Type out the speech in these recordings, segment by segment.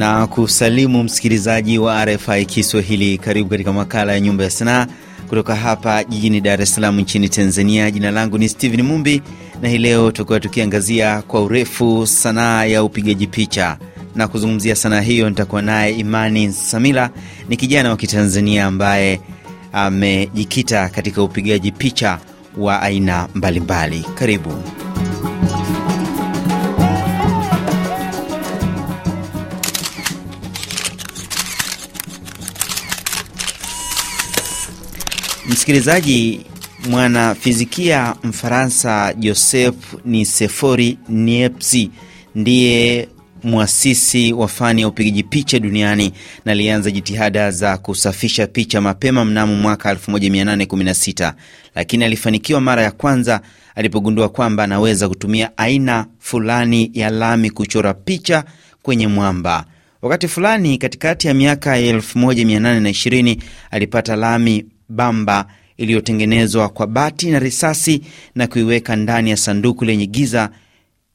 na kusalimu msikilizaji wa RFI Kiswahili. Karibu katika makala ya Nyumba ya Sanaa kutoka hapa jijini Dar es Salaam nchini Tanzania. Jina langu ni stehen Mumbi na hii leo tutakuwa tukiangazia kwa urefu sanaa ya upigaji picha na kuzungumzia sanaa hiyo nitakuwa naye Imani Samila. Ni kijana wa Kitanzania ambaye amejikita katika upigaji picha wa aina mbalimbali mbali. Karibu. Msikilizaji, mwanafizikia Mfaransa Joseph Nisefori Niepsi ndiye mwasisi wa fani ya upigaji picha duniani na alianza jitihada za kusafisha picha mapema mnamo mwaka 1816 lakini alifanikiwa mara ya kwanza alipogundua kwamba anaweza kutumia aina fulani ya lami kuchora picha kwenye mwamba. Wakati fulani katikati ya miaka ya 1820 alipata lami bamba iliyotengenezwa kwa bati na risasi na kuiweka ndani ya sanduku lenye giza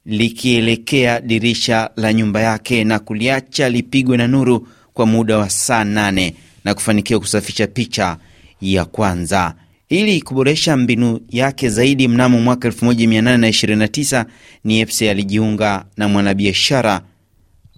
likielekea dirisha la nyumba yake na kuliacha lipigwe na nuru kwa muda wa saa nane na kufanikiwa kusafisha picha ya kwanza. Ili kuboresha mbinu yake zaidi, mnamo mwaka 1829 Niepce alijiunga na mwanabiashara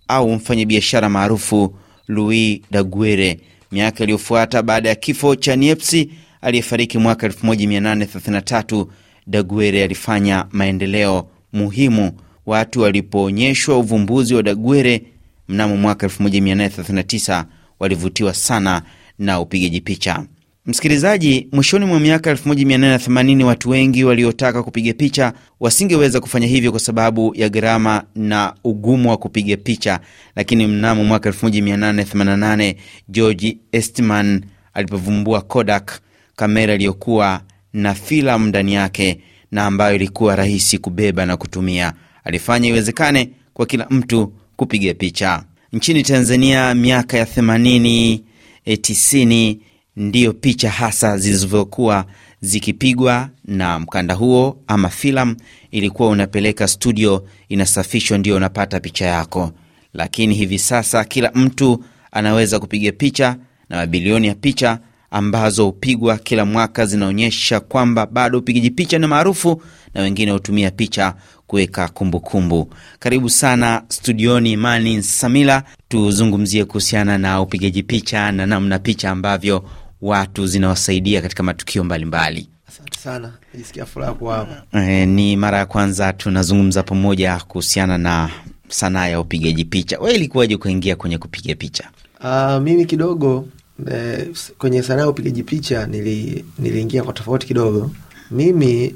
au mfanyabiashara maarufu Louis daguere miaka iliyofuata baada ya kifo cha Niepsi aliyefariki mwaka 1833. daguere alifanya maendeleo muhimu watu walipoonyeshwa uvumbuzi wa daguere mnamo mwaka 1839 walivutiwa sana na upigaji picha. Msikilizaji, mwishoni mwa miaka 1880 watu wengi waliotaka kupiga picha wasingeweza kufanya hivyo kwa sababu ya gharama na ugumu wa kupiga picha, lakini mnamo mwaka 1888 George Eastman alipovumbua Kodak, kamera iliyokuwa na filamu ndani yake na ambayo ilikuwa rahisi kubeba na kutumia, alifanya iwezekane kwa kila mtu kupiga picha. Nchini Tanzania miaka ya 80 90 ndiyo picha hasa zilizokuwa zikipigwa na mkanda huo ama filamu ilikuwa unapeleka studio, inasafishwa, ndio unapata picha yako. Lakini hivi sasa kila mtu anaweza kupiga picha na mabilioni ya picha ambazo hupigwa kila mwaka zinaonyesha kwamba bado upigaji picha ni maarufu, na wengine hutumia picha kuweka kumbukumbu. Karibu sana studioni, mani Samila, tuzungumzie kuhusiana na upigaji picha na namna picha ambavyo watu zinawasaidia katika matukio mbalimbali mbali. sana, E, ni mara ya kwanza tunazungumza pamoja kuhusiana na sanaa ya upigaji picha. We, ilikuwaje kuingia kwenye kupiga picha? Uh, mimi kidogo e, kwenye sanaa ya upigaji picha nili, niliingia kwa tofauti kidogo. Mimi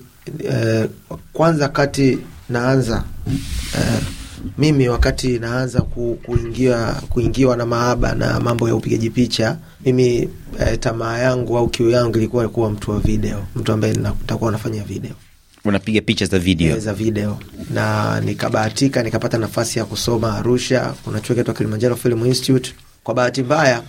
e, kwanza kati naanza e, mimi wakati naanza ku, kuingia kuingiwa na maaba na mambo ya upigaji picha, mimi eh, tamaa yangu au kiu yangu ilikuwa kuwa mtu wa video, mtu ambaye nitakuwa nafanya video unapiga picha za video eh, za video, na nikabahatika nikapata nafasi ya kusoma Arusha, kuna chuo kinaitwa Kilimanjaro Film Institute. Kwa bahati mbaya,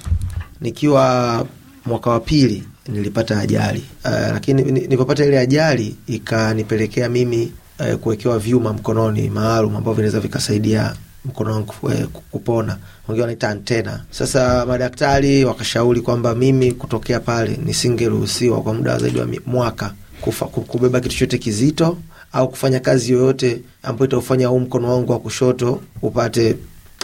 nikiwa mwaka wa pili nilipata ajali uh, lakini nilipopata ile ajali ikanipelekea mimi eh, kuwekewa vyuma mkononi maalum ambavyo vinaweza vikasaidia mkono wangu eh, kupona, wengine wanaita antena. Sasa madaktari wakashauri kwamba mimi kutokea pale nisingeruhusiwa kwa muda wa zaidi wa mwaka kufa, kubeba kitu chote kizito au kufanya kazi yoyote ambayo itaufanya huu mkono wangu wa kushoto upate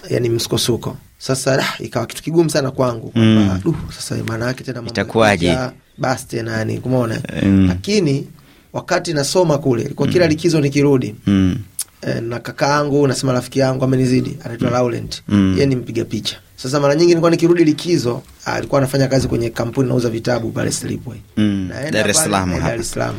yani msukosuko. Sasa lah, ikawa kitu kigumu sana kwangu kwamba mm. Uh, sasa maana yake tena mambo itakuwaje? Basi tena yani, kumona mm. lakini wakati nasoma kule kwa kila mm. likizo nikirudi mm. E, na kaka yangu nasema rafiki yangu amenizidi anaitwa mm. Laurent mm. yeye ni mpiga picha. Sasa mara nyingi nilikuwa nikirudi likizo, ah, alikuwa anafanya kazi kwenye kampuni nauza vitabu pale Slipway mm. Dar Dar es eh, Salaam,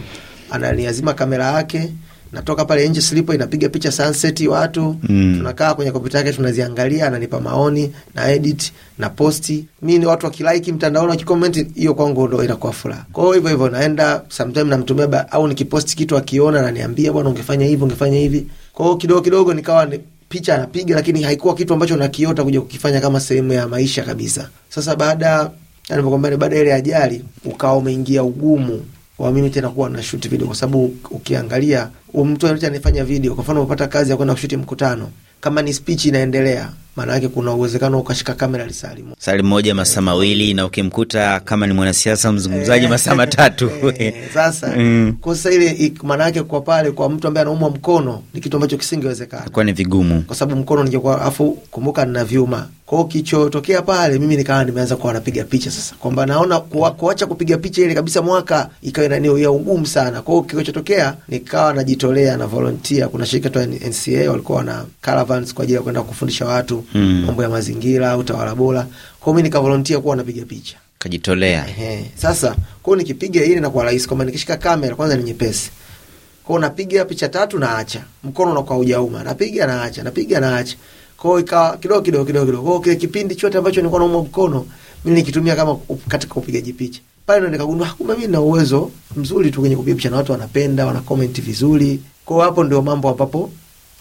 ananiazima kamera yake natoka pale nje slipo inapiga picha sunset watu mm. tunakaa kwenye kompyuta yake tunaziangalia, ananipa maoni na edit na posti, mi ni watu wakilaiki mtandaoni wakikomenti, hiyo kwangu ndo inakuwa furaha. Kwa hiyo hivyo hivyo naenda sometime namtumia, au nikiposti kitu akiona ananiambia, bwana, ungefanya hivi ungefanya hivi. Kwa hiyo kidogo kidogo nikawa ni picha anapiga, lakini haikuwa kitu ambacho nakiota kuja kukifanya kama sehemu ya maisha kabisa. Sasa baada ya nivyokwambia, baada ile ajali ukawa umeingia ugumu waamini tena kuwa na shoot video, kwa sababu ukiangalia mtu anafanya video, kwa mfano umepata kazi ya kwenda kushuti mkutano, kama ni speech inaendelea maanake kuna uwezekano ukashika kamera lisali sali moja masaa mawili, na ukimkuta kama ni mwanasiasa mzungumzaji eh. masaa matatu. Eh, sasa mm. kosa ile maanake kwa pale kwa mtu ambaye anaumwa mkono ni kitu ambacho kisingewezekana, kwa ni vigumu, kwa sababu mkono ningekuwa, afu kumbuka nina vyuma kwao. Kichotokea pale mimi nikawa nimeanza kuwa napiga picha sasa, kwamba naona kuacha kwa, kupiga picha ile kabisa mwaka ikawa ni ya ugumu sana kwao. Kilichotokea nikawa najitolea na volunteer, kuna shirika tu NCA walikuwa na caravans kwa ajili ya kwenda kufundisha watu tu mm. mambo ya mazingira, utawala bora. Kwa mimi nikavolontia kuwa napiga picha, kajitolea. Ehe, sasa kwao nikipiga ile na kwa rahisi, kwamba nikishika kamera kwanza ni nyepesi kwao, napiga picha tatu naacha, mkono unakuwa ujauma, napiga naacha, napiga naacha. Kwao ikawa kidogo kidogo kidogo kidogo. Kwao kile kipindi chote ambacho nilikuwa nauma mkono mimi nikitumia kama katika upigaji picha pale, ndo nikagundua ah, kumbe mimi na uwezo mzuri tu kwenye kupiga picha na watu wanapenda, wana comment vizuri. Kwao hapo ndio mambo ambapo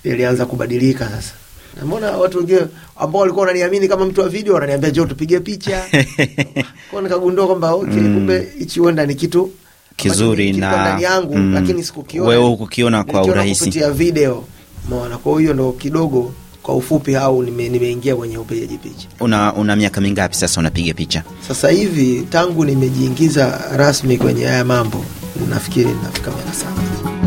yalianza kubadilika sasa. Mbona watu wengine ambao walikuwa wananiamini kama mtu wa video wananiambia jo tupige picha. Kwa nikagundua kwamba okay, mm. kumbe hichi huenda ni kitu kizuri na ndani yangu mm, lakini sikukiona. Wewe hukukiona kwa urahisi kupitia video. Umeona? Kwa hiyo ndo kidogo kwa ufupi au nimeingia nime kwenye upigaji picha. Una una miaka mingapi sasa unapiga picha? Sasa hivi tangu nimejiingiza rasmi kwenye haya mambo nafikiri nafika miaka saba.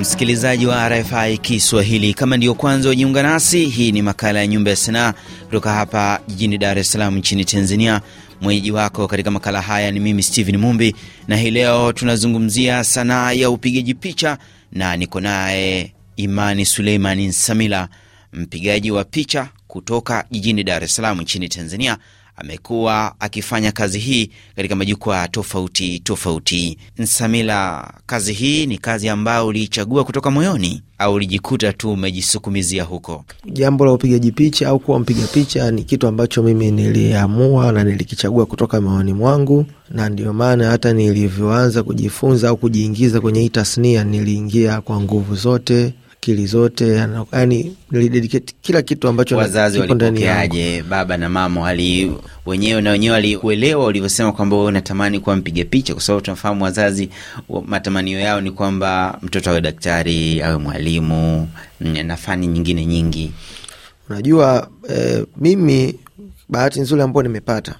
Msikilizaji wa RFI Kiswahili, kama ndiyo kwanza wajiunga nasi, hii ni makala ya Nyumba ya Sanaa kutoka hapa jijini Dar es Salaam nchini Tanzania. Mwenyeji wako katika makala haya ni mimi stehen Mumbi, na hii leo tunazungumzia sanaa ya upigaji picha na niko naye Imani Suleimani samila mpigaji wa picha kutoka jijini Dar es Salaam nchini Tanzania, amekuwa akifanya kazi hii katika majukwaa tofauti tofauti. Nsamila, kazi hii ni kazi ambayo uliichagua kutoka moyoni au ulijikuta tu umejisukumizia huko? Jambo la upigaji picha au kuwa mpiga picha ni kitu ambacho mimi niliamua na nilikichagua kutoka moyoni mwangu, na ndio maana hata nilivyoanza kujifunza au kujiingiza kwenye hii tasnia niliingia kwa nguvu zote akili zote, yani nilidedicate kila kitu ambacho. Wazazi walipokeaje? Baba na mama wali wenyewe na wenyewe walikuelewa ulivyosema kwamba wewe unatamani kuwa mpiga picha? Kwa sababu tunafahamu wazazi matamanio yao ni kwamba mtoto awe daktari, awe mwalimu na fani nyingine nyingi. Unajua eh, mimi bahati nzuri ambayo nimepata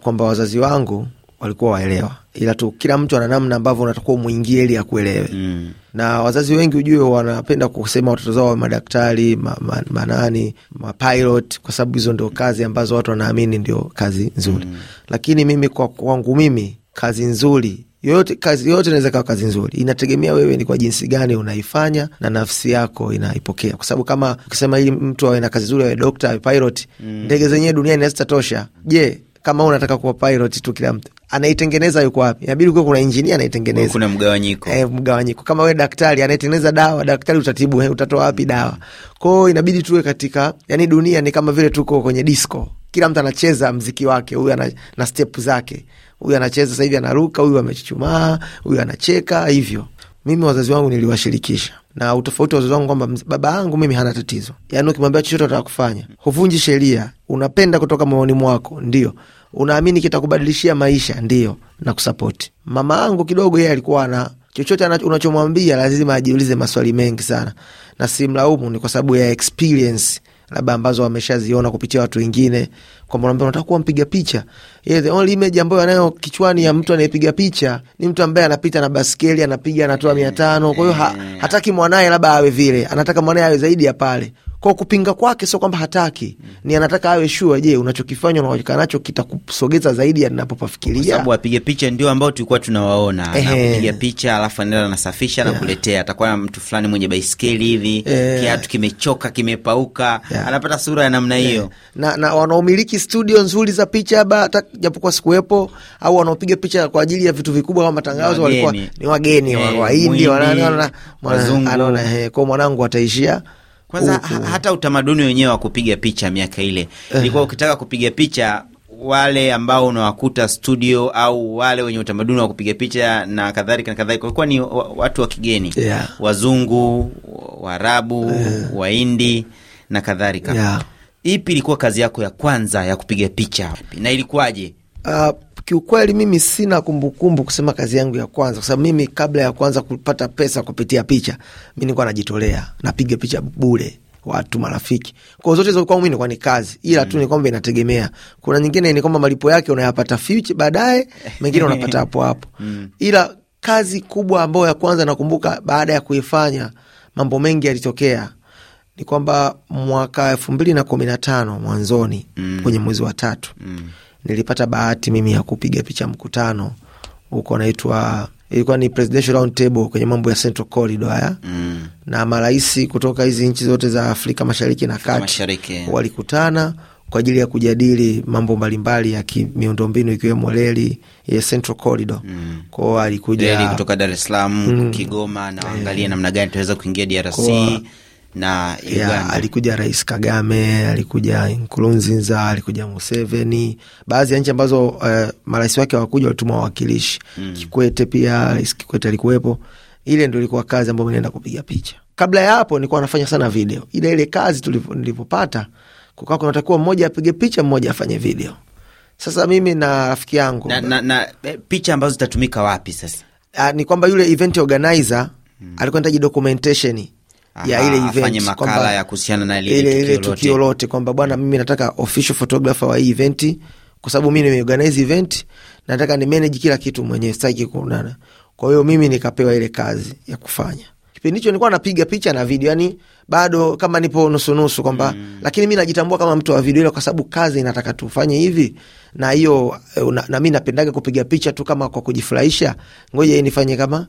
kwamba wazazi wangu walikuwa waelewa, ila tu kila mtu ana namna ambavyo unatakuwa umwingie ili akuelewe mm. Na wazazi wengi ujue, wanapenda kusema watoto zao wa madaktari ma, ma, manani mapilot, kwa sababu hizo ndio kazi ambazo watu wanaamini ndio kazi nzuri mm. Lakini mimi kwa kwangu mimi kazi nzuri yoyote kazi yoyote inaweza kawa kazi nzuri, inategemea wewe ni kwa jinsi gani unaifanya na nafsi yako inaipokea, kwa sababu kama ukisema ili mtu awe na kazi nzuri awe dokta awe pilot mm. ndege zenyewe duniani hazitatosha. Je, kama unataka kuwa pilot tu, kila mtu anaitengeneza yuko wapi? Inabidi kuwe kuna injinia anaitengeneza, kuna mgawanyiko eh, mgawanyiko. Kama wewe daktari anaitengeneza dawa, daktari utatibu, eh, utatoa wapi dawa? Kwao inabidi tuwe katika, yani dunia ni kama vile tuko kwenye disco, kila mtu anacheza mziki wake, huyu ana na step zake, huyu anacheza sasa hivi anaruka, huyu amechuchumaa, huyu anacheka hivyo mimi wazazi wangu niliwashirikisha na utofauti wa wazazi wangu kwamba baba yangu mimi hana tatizo, yaani ukimwambia chochote atakufanya. huvunji sheria, unapenda kutoka moyoni mwako, ndio unaamini kitakubadilishia maisha, ndio na kusapoti. Mama yangu kidogo yeye alikuwa na chochote unachomwambia lazima ajiulize maswali mengi sana, na simlaumu, ni kwa sababu ya experience labda ambazo wameshaziona kupitia watu wengine, kwamba unaambia unataka kuwa mpiga picha. Yeah, the only image ambayo anayo kichwani ya mtu anayepiga picha ni mtu ambaye anapita na baskeli, anapiga, anatoa mia tano. Kwa hiyo eh. hataki mwanaye labda awe vile, anataka mwanaye awe zaidi ya pale. Kwa kupinga kwake sio kwamba hataki, mm. ni anataka awe shua je, unachokifanya unachokaa nacho kitakusogeza zaidi ya ninapopafikiria, sababu apige picha ndio ambao tulikuwa tunawaona napiga picha alafu anaenda anasafisha yeah. nakuletea atakuwa na mtu fulani mwenye baiskeli hivi, yeah. kiatu kimechoka kimepauka, yeah. anapata sura ya namna eh. hiyo, yeah. na, na wanaomiliki studio nzuri za picha haba hata japokuwa sikuwepo, au wanaopiga picha kwa ajili ya vitu vikubwa kama matangazo walikuwa ni wageni, Wahindi, Wazungu, anaona eh, kwa mwanangu ataishia kwanza uh, uh. Hata utamaduni wenyewe wa kupiga picha miaka ile eh. ilikuwa uh. Ukitaka kupiga picha wale ambao unawakuta studio au wale wenye utamaduni wa kupiga picha na kadhalika na kadhalika, walikuwa ni watu wa kigeni yeah. Wazungu, Waarabu yeah. Waindi na kadhalika yeah. Ipi ilikuwa kazi yako ya kwanza ya kupiga picha na ilikuwaje? uh kiukweli mimi sina kumbukumbu kusema kazi yangu ya kwanza, kwa sababu mimi kabla ya kwanza kupata pesa kupitia picha, mi nikuwa najitolea, napiga picha bure watu marafiki kwao zote zokuwa mimi nikuwa ni kazi, ila tu mm. ni kwamba inategemea. Kuna nyingine ni kwamba malipo yake unayapata future baadaye, mengine unapata hapo hapo, mm. ila kazi kubwa ambayo ya kwanza nakumbuka baada ya kuifanya mambo mengi yalitokea ni kwamba mwaka elfu mbili na kumi na tano mwanzoni mm. kwenye mwezi wa tatu mm nilipata bahati mimi ya kupiga picha mkutano huko naitwa ilikuwa ni presidential round table kwenye mambo ya Central Corridor haya mm. na marais kutoka hizi nchi zote za Afrika Mashariki na Kati walikutana kwa ajili ya kujadili mambo mbalimbali ya miundombinu ikiwemo reli ya Central Corridor mm. kwao alikuja kutoka Dar es Salaam, mm. Kigoma na waangalie eh. namna gani tunaweza kuingia DRC kwa na Ya, alikuja Rais Kagame, alikuja Nkurunziza, alikuja Museveni, baadhi ya nchi ambazo uh, marais wake hawakuja walituma wawakilishi mm. Kikwete pia Rais Kikwete alikuwepo. Ile ndo ilikuwa kazi ambayo naenda kupiga picha. Kabla ya hapo nilikuwa nafanya sana video, ila ile kazi nilivyopata kukaa kunatakiwa mmoja apige picha, mmoja afanye video. Sasa mimi na rafiki yangu na, na, na eh, picha ambazo zitatumika wapi sasa? A, ah, ni kwamba yule event organizer mm. alikuwa anahitaji documentation ya ile event, makala ya kuhusiana na ile ile tukio, lote kwamba bwana, mimi nataka official photographer wa hii event kwa sababu mimi nimeorganize event, nataka ni manage kila kitu mwenyewe, sitaki kuonana. Kwa hiyo mimi nikapewa ile kazi ya kufanya kipindi hicho nilikuwa napiga picha na video, yani bado kama nipo nusunusu kwamba mm. Lakini mi najitambua kama mtu wa video ile, kwa sababu kazi inataka tufanye hivi na hiyo eh, na, na mi napendaga kupiga picha tu kama kwa kujifurahisha, ngoja nifanye kama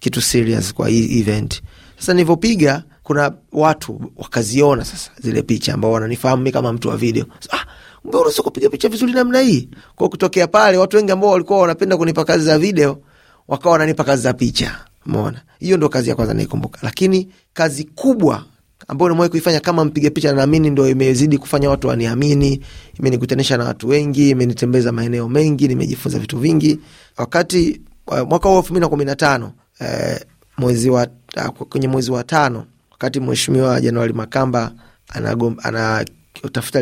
kitu serious kwa hii event. Sasa nilivyopiga kuna watu wakaziona sasa zile picha ambao wananifahamu mi kama mtu wa video. Ah, kumbe unaweza kupiga picha vizuri namna hii. Kwa kutokea pale watu wengi ambao walikuwa wanapenda kunipa kazi za video wakawa wananipa kazi za picha. Umeona? Hiyo ndo kazi ya kwanza naikumbuka. Lakini kazi kubwa ambayo nimewahi kuifanya kama mpiga picha, naamini ndo imezidi kufanya watu waniamini, imenikutanisha na watu wengi, imenitembeza maeneo mengi, nimejifunza vitu vingi. Wakati mwaka huo elfu mbili na kumi na tano eh, mwezi wa, ah, kwenye mwezi wa tano wakati mheshimiwa Januari Makamba anatafuta ana,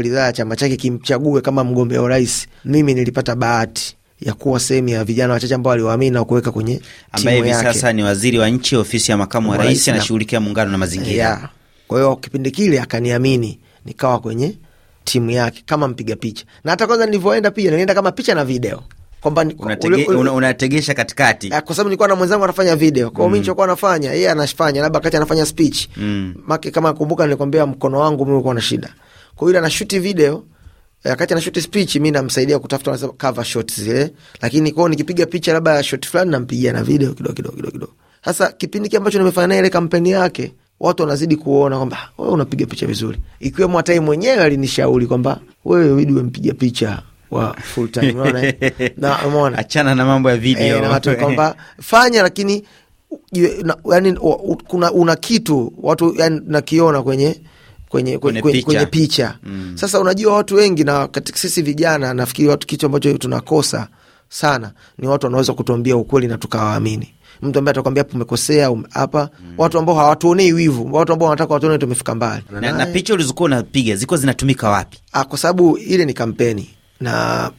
ridhaa ya chama chake kimchague kama mgombea urais, mimi nilipata bahati ya kuwa sehemu ya vijana wachache ambao waliwaamini na kuweka kwenye ambaye hivi sasa ni waziri wa nchi ofisi ya makamu wa rais anashughulikia muungano na mazingira yeah. Kwa hiyo kipindi kile akaniamini nikawa kwenye timu yake kama mpiga picha, na hata kwanza nilivyoenda pia nilienda kama picha na video kwamba unategesha katikati, eh, kwa sababu nilikuwa na mwenzangu anafanya video, mm. nafanya yeye anafanya, labda wakati anafanya speech mm. kama nilikwambia mkono wangu ulikuwa na shida, kwa hiyo ile anashuti video eh, wakati anashuti speech, mi namsaidia kutafuta cover zile, lakini kwao nikipiga picha labda ya shot fulani nampigia na video kidogo kidogo kidogo. Sasa kipindi kile ambacho nimefanya naye ile kampeni yake watu wanazidi kuona kwamba ah, wewe unapiga picha vizuri, ikiwemo hata yeye mwenyewe alinishauri kwamba wewe ibidi umpiga picha wa full time unaona na umeona, achana na mambo ya eh, video e, na watu kwamba fanya lakini na, yani, kuna una kitu watu yani, nakiona kwenye kwenye, kwenye, kwenye picha, kwenye picha. Mm. Sasa unajua watu wengi na katika sisi vijana nafikiri watu kitu ambacho tunakosa sana ni watu wanaweza kutuambia ukweli na tukawaamini mtu ambaye atakwambia hapo umekosea hapa mm. watu ambao hawatuonei wivu, watu ambao wanataka watuone tumefika mbali. Na, na picha ulizokuwa unapiga zilikuwa zinatumika wapi? Ah, kwa sababu ile ni kampeni na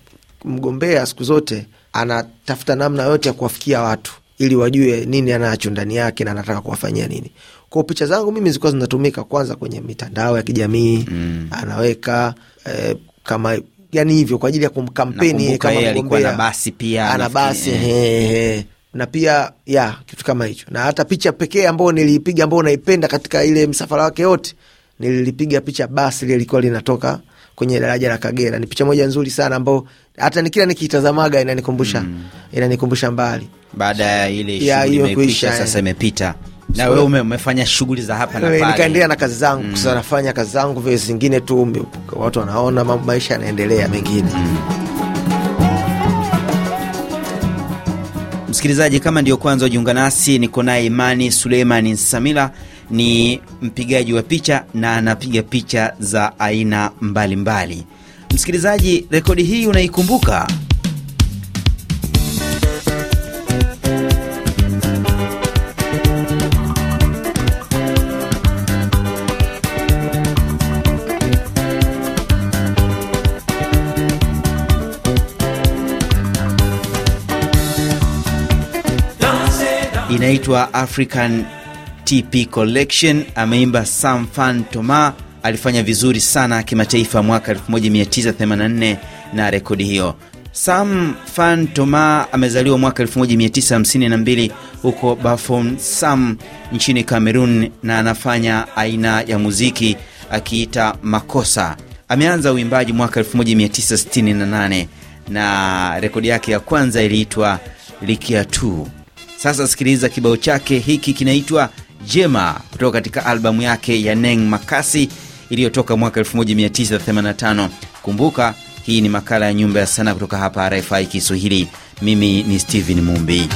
mgombea siku zote anatafuta namna yote ya kuwafikia watu ili wajue nini anacho ndani yake na anataka kuwafanyia nini. Kwa picha zangu mimi zilikuwa zinatumika kwanza kwenye mitandao ya kijamii mm. anaweka eh, kama yani hivyo kwa ajili ya kumkampeni kama mgombea, basi pia ana basi eh. na pia ya kitu kama hicho, na hata picha pekee ambayo nilipiga ambayo naipenda katika ile msafara wake yote nililipiga picha basi lilikuwa linatoka kwenye daraja la Kagera. Ni picha moja nzuri sana ambayo hata nikila nikitazamaga inanikumbusha mm. inanikumbusha mbali baada ya ile shughuli imekwisha, sasa eh. imepita na wewe ume, umefanya shughuli za hapa na pale. Nikaendelea na kazi zangu mm. Sasa nafanya kazi zangu vile zingine tu, watu wanaona mambo, maisha yanaendelea mengine mm. Msikilizaji, kama ndio kwanza ujiunga nasi, niko naye Imani Suleiman Samila ni mpigaji wa picha na anapiga picha za aina mbalimbali mbali. Msikilizaji, rekodi hii unaikumbuka? Inaitwa African TP Collection ameimba Sam Fan Toma. Alifanya vizuri sana kimataifa mwaka 1984 na rekodi hiyo. Sam Fan Toma amezaliwa mwaka 1952 huko sam nchini Cameroon na anafanya aina ya muziki akiita makosa. Ameanza uimbaji mwaka 1968 na rekodi yake ya kwanza iliitwa Likia 2 Sasa sikiliza kibao chake hiki kinaitwa Jema kutoka katika albamu yake ya Neng Makasi iliyotoka mwaka 1985. Kumbuka hii ni makala ya Nyumba ya sana kutoka hapa RFI Kiswahili. Mimi ni stephen Mumbi.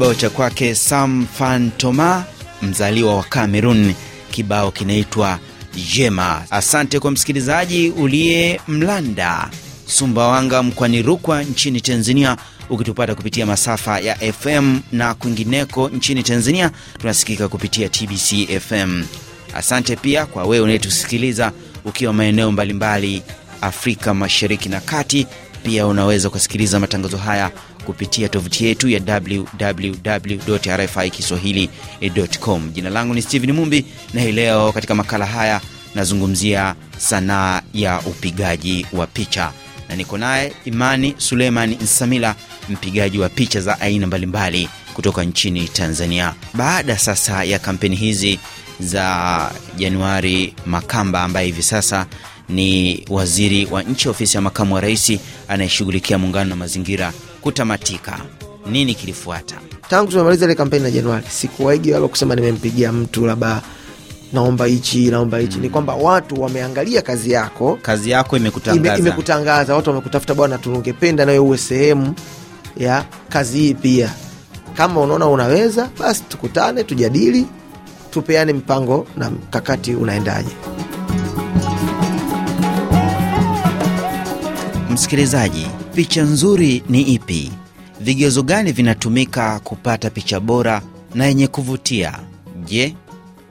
kibao cha kwake Sam Fantoma, mzaliwa wa cameron Kibao kinaitwa Jema. Asante kwa msikilizaji uliye Mlanda, Sumbawanga, mkwani Rukwa nchini Tanzania, ukitupata kupitia masafa ya FM na kwingineko nchini Tanzania tunasikika kupitia TBC FM. Asante pia kwa wewe unayetusikiliza ukiwa maeneo mbalimbali Afrika Mashariki na Kati. Pia unaweza kusikiliza matangazo haya kupitia tovuti yetu ya wwwrfi kiswahilicom. Jina langu ni Stephen Mumbi na hii leo katika makala haya nazungumzia sanaa ya upigaji wa picha na niko naye Imani Suleiman Nsamila, mpigaji wa picha za aina mbalimbali kutoka nchini Tanzania. Baada sasa ya kampeni hizi za Januari Makamba ambaye hivi sasa ni waziri wa nchi ofisi ya makamu wa rais anayeshughulikia muungano na mazingira kutamatika, nini kilifuata? Tangu tumemaliza ile kampeni na Januari, sikuwaigi wala kusema nimempigia mtu labda naomba hichi naomba hichi mm. Ni kwamba watu wameangalia kazi yako, kazi yako imekutangaza, ime, ime watu wamekutafuta, bwana, tungependa nawe uwe sehemu ya kazi hii pia. Kama unaona unaweza, basi tukutane, tujadili, tupeane mpango na mkakati unaendaje. msikilizaji, picha nzuri ni ipi? Vigezo gani vinatumika kupata picha bora na yenye kuvutia? Je,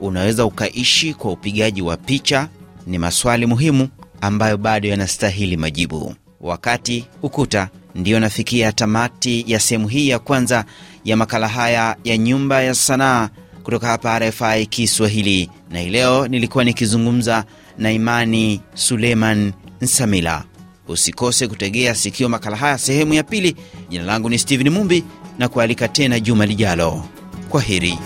unaweza ukaishi kwa upigaji wa picha? Ni maswali muhimu ambayo bado yanastahili majibu. Wakati Ukuta ndiyo nafikia tamati ya sehemu hii ya kwanza ya makala haya ya Nyumba ya Sanaa kutoka hapa RFI Kiswahili, na hii leo nilikuwa nikizungumza na Imani Suleiman Nsamila Usikose kutegea sikio makala haya sehemu ya pili. Jina langu ni stephen Mumbi na kualika tena juma lijalo. Kwa heri.